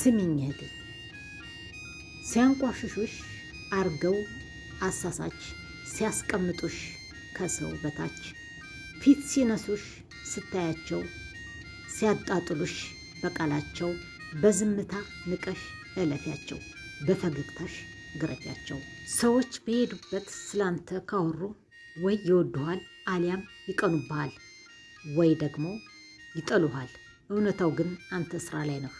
ስሚኝ እህቴ፣ ሲያንቋሽሹሽ አርገው አሳሳች ሲያስቀምጡሽ ከሰው በታች ፊት ሲነሱሽ ስታያቸው ሲያጣጥሉሽ በቃላቸው በዝምታ ንቀሽ እለፊያቸው፣ በፈገግታሽ ግረፊያቸው። ሰዎች በሄዱበት ስላንተ ካወሩ ወይ ይወዱሃል አሊያም ይቀኑብሃል ወይ ደግሞ ይጠሉሃል። እውነታው ግን አንተ ስራ ላይ ነህ።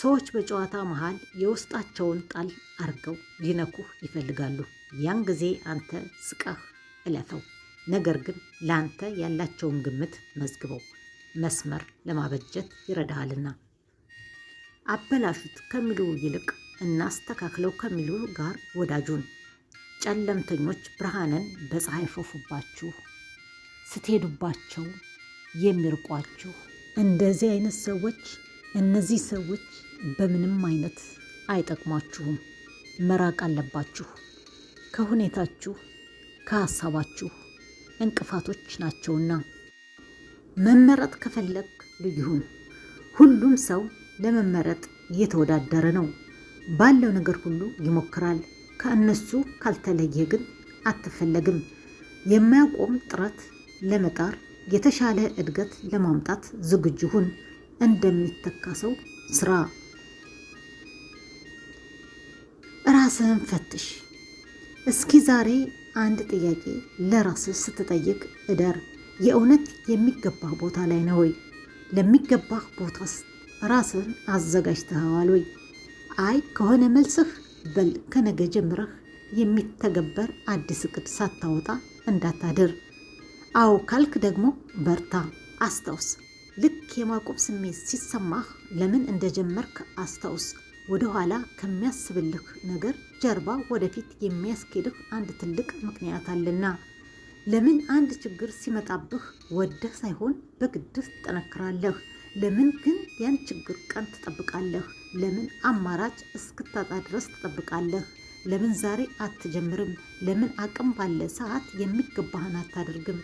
ሰዎች በጨዋታ መሃል የውስጣቸውን ጣል አርገው ሊነኩህ ይፈልጋሉ። ያን ጊዜ አንተ ስቃህ እለፈው። ነገር ግን ለአንተ ያላቸውን ግምት መዝግበው መስመር ለማበጀት ይረዳሃልና። አበላሹት ከሚሉ ይልቅ እናስተካክለው ከሚሉ ጋር ወዳጁን። ጨለምተኞች ብርሃንን በፀሐይ ሾፉባችሁ ስትሄዱባቸው የሚርቋችሁ እንደዚህ አይነት ሰዎች እነዚህ ሰዎች በምንም አይነት አይጠቅሟችሁም። መራቅ አለባችሁ። ከሁኔታችሁ ከሀሳባችሁ እንቅፋቶች ናቸውና መመረጥ ከፈለግ ልዩሁን። ሁሉም ሰው ለመመረጥ እየተወዳደረ ነው። ባለው ነገር ሁሉ ይሞክራል። ከእነሱ ካልተለየ ግን አትፈለግም። የማያቆም ጥረት ለመጣር የተሻለ እድገት ለማምጣት ዝግጁ ሁን። እንደሚተካ ሰው ስራ። ራስህን ፈትሽ። እስኪ ዛሬ አንድ ጥያቄ ለራስህ ስትጠይቅ እደር። የእውነት የሚገባህ ቦታ ላይ ነው ወይ? ለሚገባህ ቦታስ ራስህን አዘጋጅተኸዋል ወይ? አይ ከሆነ መልስህ በል ከነገ ጀምረህ የሚተገበር አዲስ እቅድ ሳታወጣ እንዳታድር። አዎ ካልክ ደግሞ በርታ። አስታውስ ልክ የማቆም ስሜት ሲሰማህ ለምን እንደጀመርክ አስታውስ። ወደኋላ ከሚያስብልህ ነገር ጀርባ ወደፊት የሚያስኬድህ አንድ ትልቅ ምክንያት አለና። ለምን አንድ ችግር ሲመጣብህ ወደህ ሳይሆን በግድህ ትጠነክራለህ? ለምን ግን ያን ችግር ቀን ትጠብቃለህ? ለምን አማራጭ እስክታጣ ድረስ ትጠብቃለህ? ለምን ዛሬ አትጀምርም? ለምን አቅም ባለ ሰዓት የሚገባህን አታደርግም?